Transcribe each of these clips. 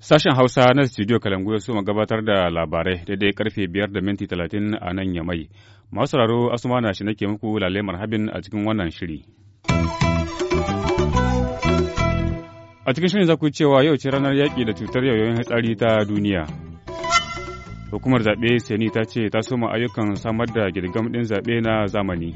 Sashen Hausa na studio Kalangu ya soma gabatar da labarai daidai karfe biyar da minti talatin a nan ya mai Masu raro Asuma na shi nake muku lalemar habin a cikin wannan shiri. A cikin shirin za ku cewa yau ce ranar yaƙi da cutar yayoyin hatsari ta duniya. hukumar zaɓe seni ta ce ta soma ayyukan samar da girgam ɗin zaɓe na zamani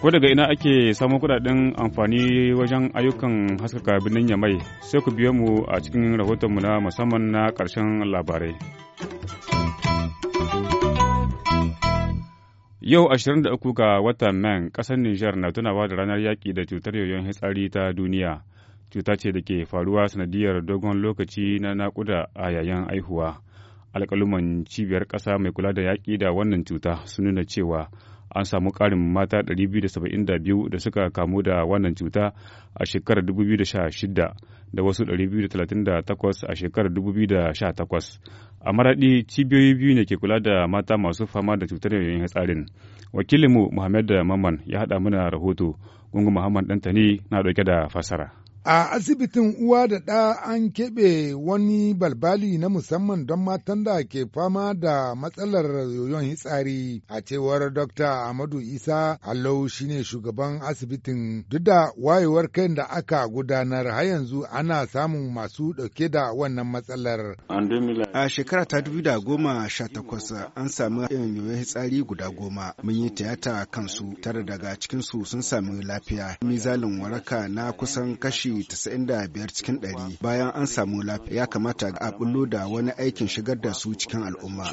ko daga ina ake samun kudaden amfani wajen ayyukan haskaka birnin yamai sai ku biyo mu a cikin rahotonmu na musamman na ƙarshen labarai Yau 23 ga watan Man ƙasar Nijar na tunawa da ranar yaƙi da cutar yoyon hitsari ta duniya. Cuta ce da ke faruwa sanadiyar dogon lokaci na nakuda a yayin aihuwa. alƙaluman cibiyar ƙasa mai kula da yaƙi da wannan cuta sun nuna cewa an samu ƙarin mata 272 da suka kamu da wannan cuta a shekarar 2016 da wasu 238 a shekarar 2018. A maraɗi cibiyoyi biyu ne ke kula da mata masu fama da cutar yayin hatsarin. Wakilinmu Muhammad Maman ya haɗa mana rahoto, Gungun Muhammad Dantani na ɗauke da fasara. A asibitin uwa da ɗa an keɓe wani balbali na musamman don matan da ke fama da matsalar yoyon hitsari a cewar Dr. Amadu Isa Allau shine shugaban asibitin duk da wayewar kai da aka gudanar har yanzu ana samun masu ɗauke da wannan matsalar. A shekara ta dubu da goma sha takwas an sami yoyon hitsari guda goma mun yi tiyata kansu Tare daga cikinsu sun sami lafiya mizalin waraka na kusan kashi kashi 95 cikin 100 bayan an samu lafiya ya kamata a bullo da wani aikin shigar da su cikin al'umma.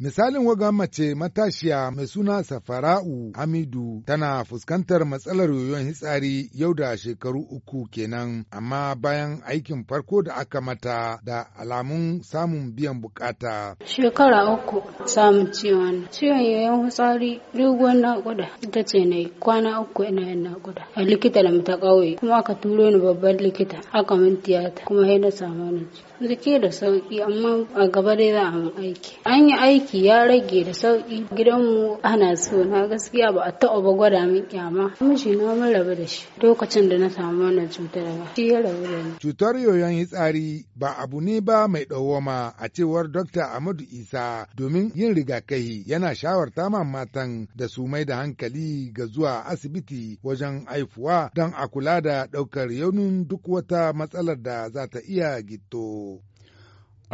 Misalin waga mace matashiya mai suna Safara'u Hamidu tana fuskantar matsalar yoyon hitsari yau da shekaru uku kenan amma bayan aikin farko da aka mata da alamun samun biyan bukata. Shekara uku samun ciwon ciwon yoyon hitsari doguwar naƙuda ita ce na kwana uku ina yin naƙuda a likita da mata ƙauye kuma aka turo ni babban babban likita aka min tiyata kuma sai na samu rike da sauki amma a gaba dai za a aiki an yi aiki ya rage da sauki gidanmu ana so na gaskiya ba a taɓa ba gwada min kyama miji na mun rabu da shi lokacin da na samu wannan cutar ba shi ya rabu da ni cutar yoyon hitsari ba abu ne ba mai dawoma a cewar Dr. Amadu Isa domin yin rigakafi yana shawarta ma matan da su mai da hankali ga zuwa asibiti wajen haifuwa don a kula da ɗaukar yaunin duk wata matsalar da za ta iya gito.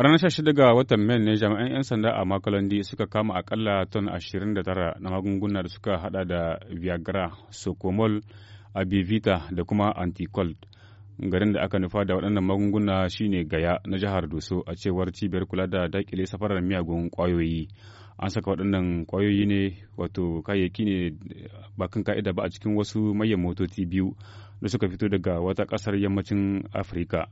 A ranar 16 ga watan Mai ne jami'an 'yan sanda a Makalandi suka kama akalla ton 29 na magunguna da suka hada da Viagra, sokomol Abivita da kuma Anticold. Garin da aka nufa da waɗannan magunguna shine Gaya na jihar Doso a cewar cibiyar kula da dakile safarar miyagun ƙwayoyi. An saka waɗannan ƙwayoyi ne wato kayayyaki ne bakan ka'ida ba a cikin wasu mayan motoci biyu da suka fito daga wata ƙasar yammacin Afirka.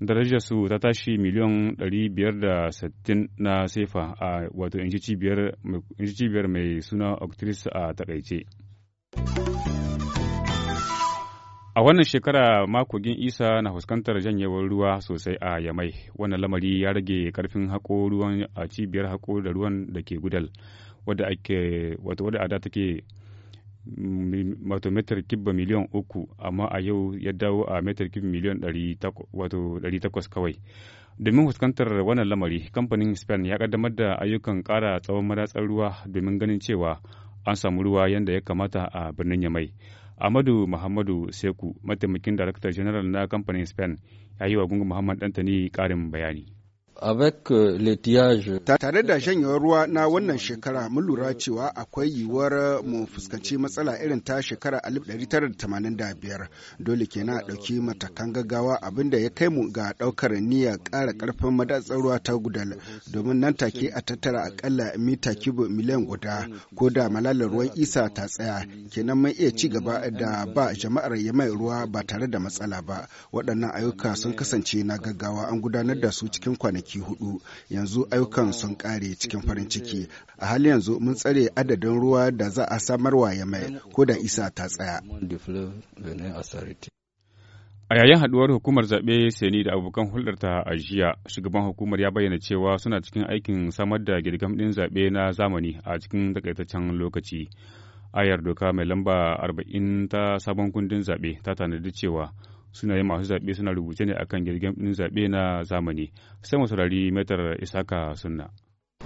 darajar su ta tashi miliyan 560 na sefa a wato inji cibiyar mai suna octris a takaice. A wannan shekara makogin Isa na fuskantar janyewar ruwa sosai a Yamai, wannan lamari ya rage karfin haƙo ruwan a cibiyar haƙo da ruwan da ke gudal, wadda ake wato wadda ada take wato metar kibba miliyan uku amma a yau ya dawo a metar kibba miliyan ɗari takwas kawai domin fuskantar wannan lamari kamfanin spain ya kaddamar da ayyukan ƙara tsawon madatsar ruwa domin ganin cewa an samu ruwa yadda ya kamata a birnin yamai amadu muhammadu seku mataimakin daraktar general na kamfanin spain ya yi wa gungun muhammad dantani ƙarin bayani Euh, tare da shanyewar ruwa na wannan shekara mun lura cewa akwai yiwuwar mu fuskanci matsala irin ta shekara 1985 dole kenan a ɗauki matakan gaggawa abinda ya kai mu ga ɗaukar niyyar ƙara ƙarfin madatsar ruwa ta gudal domin nan take a tattara akalla mita kibu miliyan guda ko da malalar ruwan isa ta tsaya kenan mun iya ci gaba da ba jama'ar ya mai ruwa ba tare da matsala ba waɗannan ayyuka sun kasance na gaggawa an gudanar da su cikin kwanaki kwanaki hudu yanzu ayyukan sun kare cikin farin ciki a halin yanzu mun tsare adadin ruwa da za a samarwa ya mai ko da isa ta tsaya A yayin haduwar hukumar zaɓe Seni da abokan ta a jiya, shugaban hukumar ya bayyana cewa suna cikin aikin samar da girgam ɗin zaɓe na zamani a cikin takaitaccen lokaci. Ayar doka mai lamba 40 ta sabon kundin zaɓe ta tanadi cewa yi masu zaɓe suna rubuce ne akan girgin zaɓe na zamani sai mu saurari metar isaka sunna.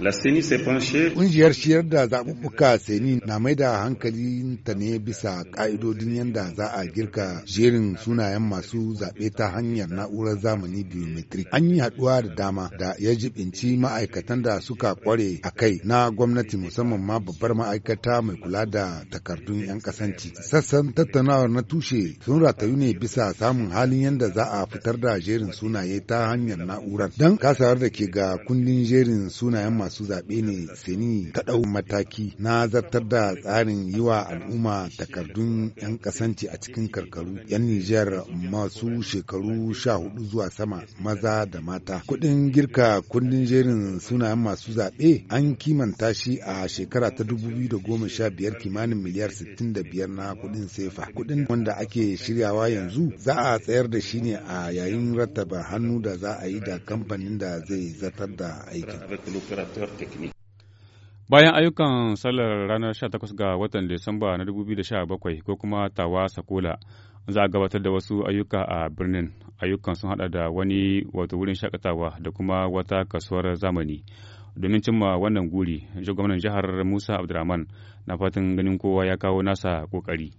Ƙungiyar ciyar da zaɓuɓɓuka Seni na mai da hankali ta ne bisa ƙa'idodin yadda za a girka jerin sunayen masu zaɓe ta hanyar na'urar zamani biometric. An yi haɗuwa da dama da ya jibinci ma'aikatan da suka ƙware a kai na gwamnati musamman ma babbar ma'aikata mai kula da takardun 'yan kasanci. Sassan tattaunawar na tushe sun ratayu ne bisa samun halin yadda za a fitar da jerin sunaye ta hanyar na'urar. Don kasawar da ke ga kundin jerin sunayen masu zaɓe ne sani ta ɗau mataki na zartar da tsarin yi wa al'umma takardun 'yan kasance a cikin karkaru 'yan Nijar masu shekaru sha hudu zuwa sama maza da mata. Kuɗin girka kundin jerin sunayen masu zaɓe an kimanta shi a shekara ta biyar kimanin miliyar sittin da biyar na kuɗin sefa. Kuɗin wanda ake shiryawa yanzu za a tsayar da shi ne a yayin rattaba hannu da za a yi da kamfanin da zai zartar da aikin. technique. Bayan ayyukan sallar ranar 18 ga watan Disamba na 2017 ko kuma tawa Sakola za a gabatar da wasu ayyuka a birnin. Ayyukan sun hada da wani wato wurin shakatawa da kuma wata kasuwar zamani. Domin cimma wannan guri, gwamnan jihar Musa Abdulrahman na fatan ganin kowa ya kawo nasa kokari.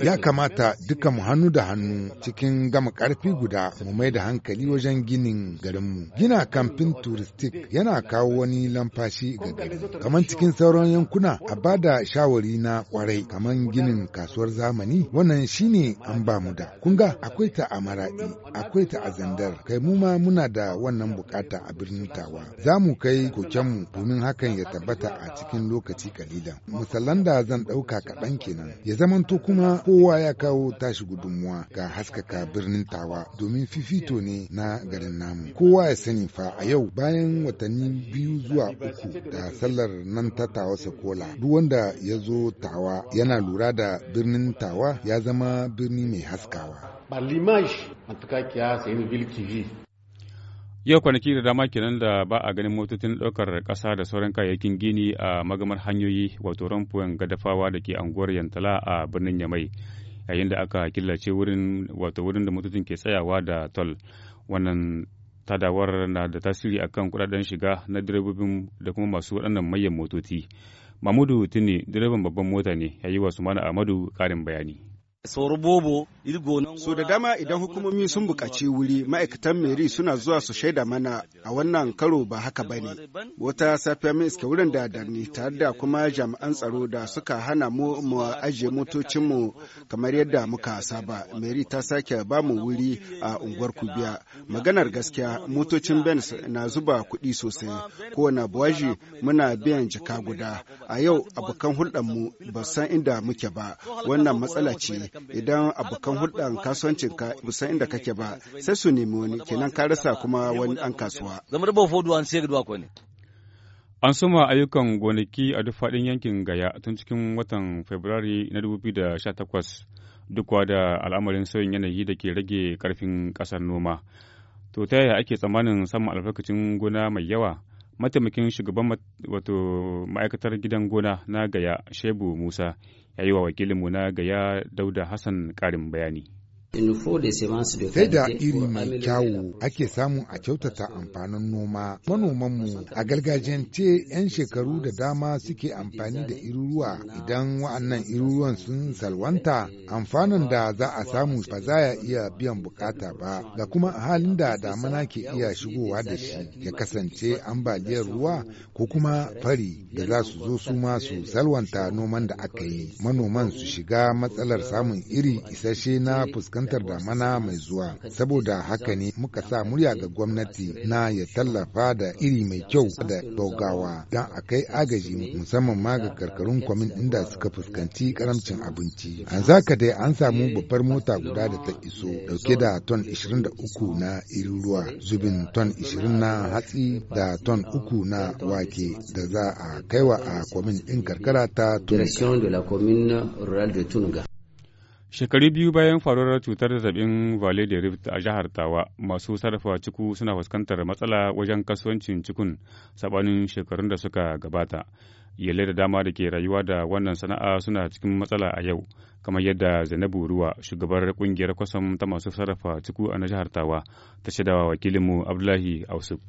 Ya kamata duka mu hannu da hannu cikin gama ƙarfi guda mu mai da hankali wajen ginin garinmu. Gina kamfin turistik yana kawo wani lamfashi ga gari. Kamar cikin sauran yankuna a ba da shawari na kwarai kamar ginin kasuwar zamani wannan shi ne an ba mu da. Kunga, akwai ta a maraɗi, akwai ta a zandar, kai mu ma muna da wannan bukata a birnin tawa. Za mu kai kokenmu domin hakan ya tabbata a cikin lokaci kalilan. Musallan da zan ɗauka kaɗan kenan. Ya zamanto kuma kowa ya kawo tashi gudunmuwa ga haskaka birnin tawa domin fifito ne na garin namu. Kowa ya sani fa a yau bayan watanni biyu zuwa uku da sallar nan ta tawa sakola duk wanda ya zo tawa yana lura da birnin tawa ya zama birni mai haskawa. Yau kwanaki da dama kenan da ba a ganin motocin ɗaukar ƙasa da sauran kayayyakin gini a magamar hanyoyi wato ramfuwan gadafawa da ke anguwar Yantala a birnin Yamai yayin da aka killace wurin wato wurin da motocin ke tsayawa da tol wannan tadawar na da tasiri akan kuɗaɗen shiga na direbobin da kuma masu waɗannan manyan motoci. Mamudu Tini direban babban mota ne ya yi wa Sumana Ahmadu ƙarin bayani. So da dama idan hukumomi sun buƙaci wuri ma'aikatan meri suna zuwa su shaida mana a wannan karo ba haka ba ne. Wata safiya mai iska wurin da darni tare da kuma jami'an tsaro da suka hana mu mu ajiye motocinmu kamar yadda muka saba. Meri ta sake ba mu wuri a unguwar Kubiya. Maganar gaskiya motocin Benz na zuba kuɗi sosai. Kowane buwaji muna biyan jaka guda. A yau abokan hulɗarmu ba san inda muke ba. Wannan matsala ce. idan abokan hulɗan kasuwancin ka san inda kake ba sai su nemi wani kenan ka rasa kuma wani ɗan kasuwa. An suma ayyukan gonaki a duk faɗin yankin Gaya tun cikin watan Fabrairu na 2018 duk da al'amarin sauyin yanayi da ke rage karfin ƙasar noma. To ta yaya ake tsammanin samun albarkacin gona mai yawa? mataimakin shugaban wato ma'aikatar gidan gona na gaya shebu musa ya yi wa wakilinmu na gaya dauda hassan karin bayani Sai da iri mai kyawu ake samu a kyautata amfanin noma. Manomanmu a gargajiyance 'yan shekaru da dama suke amfani da iruruwa idan wa'annan iruruwan sun salwanta amfanin da za a samu ba za ya iya biyan bukata ba ga kuma halin da damana ke iya shigowa da shi ya kasance ambaliyar ruwa ko kuma fari da za su zo su ma su salwanta noman da aka yi. Manoman su shiga matsalar samun iri isasshe na fuskantar fuskantar damana mai zuwa. Saboda haka ne muka sa murya ga gwamnati na ya tallafa da iri mai kyau da dogawa don a kai agaji musamman ma ga karkarun kwamin inda suka fuskanci karamcin abinci. An zaka dai an samu babbar mota guda da ta iso dauke da ton 23 na iruruwa zubin ton 20 na hatsi da ton 3 na wake da za a kaiwa a kwamin din karkara ta Tunga. Shekaru biyu bayan faruwar cutar zazzabin Valley da Rift a jihar Tawa, masu sarrafa ciku suna fuskantar matsala wajen kasuwancin cikun sabanin shekarun da suka gabata. yalai da dama da ke rayuwa da wannan sana'a suna cikin matsala a yau, kamar yadda Zainabu Ruwa, shugabar kungiyar kwasan ta masu sarrafa ciku a na jihar Tawa, ta shaidawa wakilinmu Abdullahi Ausuk.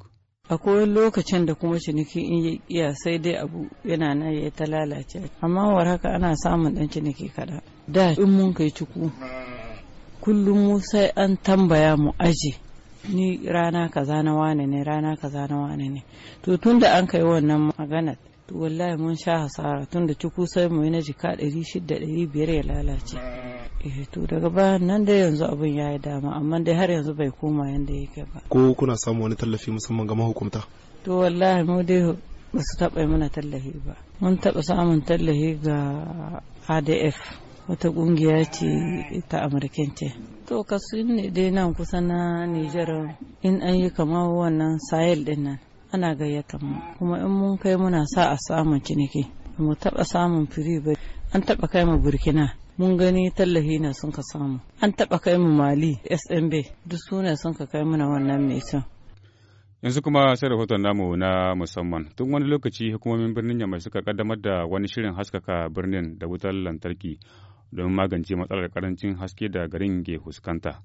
akwai lokacin da kuma ciniki in yi iya sai dai abu yana nan ya ta lalace amma war haka ana samun dan ciniki kada da in mun kai cuku kullum mu sai an tambaya mu aje ni rana kaza na wane ne rana kaza na wane ne to tun da an kai wannan maganar to wallahi mun sha hasara tun da cuku sai mu yi na jika ɗari shida ɗari biyar ya lalace eh to daga bayan nan da yanzu abin ya yi dama amma dai har yanzu bai koma yanda yake ba ko kuna samu wani tallafi musamman ga mahukunta to wallahi mu dai ba su taɓa mana tallafi ba mun taɓa samun tallafi ga adf wata kungiya ce ta ce to kasu ne dai nan kusa na nijar in an yi kamar wannan sayil din nan ana gayyata mu kuma in mun kai muna sa a samun ciniki mu taba samun firi ba an taba kai mu burkina mun gani tallafi ne sun ka samu an taba kai mu mali smb duk suna sun ka kai muna wannan mai kyau yanzu kuma sai rahoton namu na musamman tun wani lokaci hukumomin birnin yamai suka kaddamar da wani shirin haskaka birnin da wutar lantarki don magance matsalar karancin haske da garin ke fuskanta.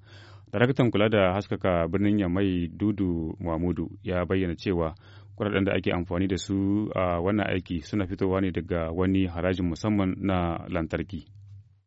Daraktan kula da haskaka birnin Yamai Dudu Muhammadu ya bayyana cewa kuɗaɗen da ake amfani da su a wannan aiki suna fitowa ne daga wani harajin musamman na lantarki.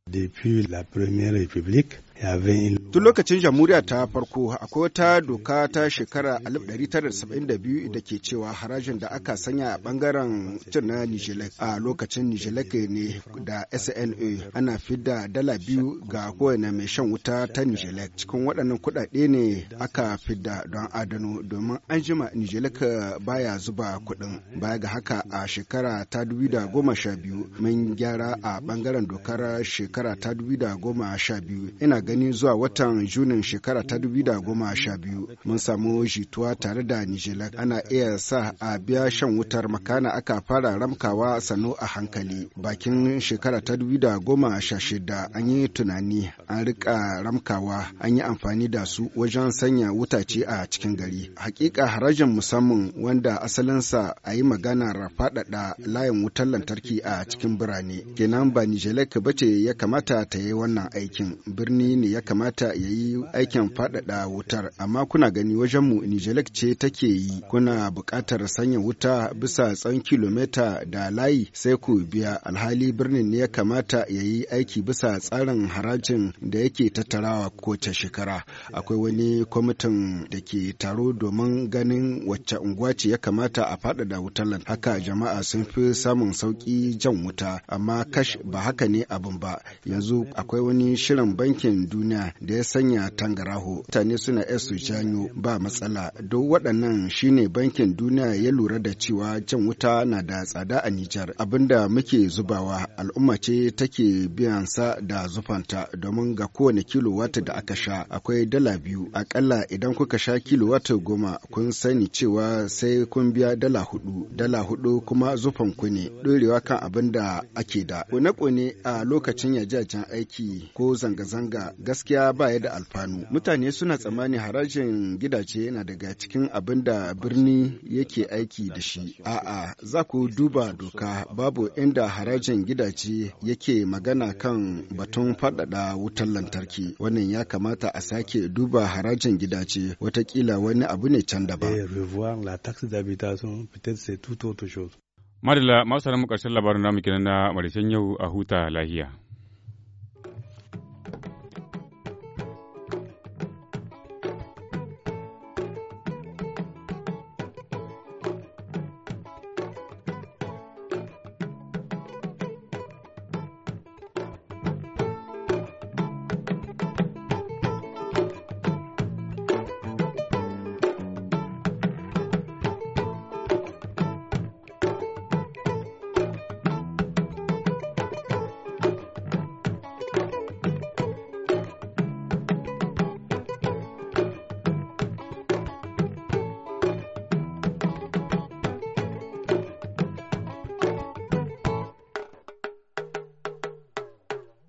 Depuis la Première République, il y avait une Tun lokacin jamhuriya ta farko akwai wata doka ta shekara 1972 da ke cewa harajin da aka sanya a bangaren cin na Nijilek a lokacin Nijilek ne da SNA ana fidda dala biyu ga kowane mai shan wuta ta Nijilek. Cikin waɗannan kuɗaɗe ne aka fidda don adano domin an jima Nijilek baya zuba kuɗin. Baya ga haka a shekara ta 2012 mun gyara a bangaren dokar shekara ta 2012 ina gani zuwa wata watan Junin shekara ta 2012 mun samu jituwa tare da Nijilak ana iya sa a biya shan wutar makana aka fara ramkawa sano a hankali. Bakin shekara ta 2016 an yi tunani an rika ramkawa an yi amfani da su wajen sanya wuta ce a cikin gari. Hakika harajin musamman wanda asalinsa a yi maganar faɗaɗa layin wutar lantarki a cikin birane. Kenan ba Nijelek ba ce ya kamata ta yi wannan aikin birni ne ya kamata ya yi aikin faɗaɗa wutar, amma kuna gani wajenmu Nijelek ce take yi kuna buƙatar sanya wuta bisa tsawon kilomita da layi sai ku biya alhali birnin ne ya kamata ya yi aiki bisa tsarin harajin da yake tattarawa kowace shekara. Akwai wani kwamitin da ke taro domin ganin wacce unguwa ce ya kamata a faɗaɗa wutar haka jama'a sun fi samun sauƙi jan wuta amma kash ba haka ne abin ba yanzu akwai wani shirin bankin duniya da ya ya sanya tangaraho mutane suna yar su janyo ba matsala duk waɗannan shine bankin duniya ya lura da cewa jan wuta na da tsada a nijar abinda muke zubawa al'umma ce take biyan sa da zufanta domin ga kowane kilo wata da aka sha akwai dala biyu akalla idan kuka sha kilo wata goma kun sani cewa sai kun biya dala hudu dala hudu kuma zufan ku ne ɗorewa kan abin da ake da kone-kone a lokacin yajajen aiki ko zanga-zanga gaskiya ba baya da alfanu mutane suna tsammani harajin gidaje yana daga cikin abin da birni yake aiki da shi a'a za ku duba doka babu inda harajin gidaje yake magana kan batun faɗaɗa wutar lantarki wannan ya kamata a sake duba harajin gidaje watakila wani abu ne can ba. madala masu mu ƙarshen labarin namu kenan na marishen yau a huta lahiya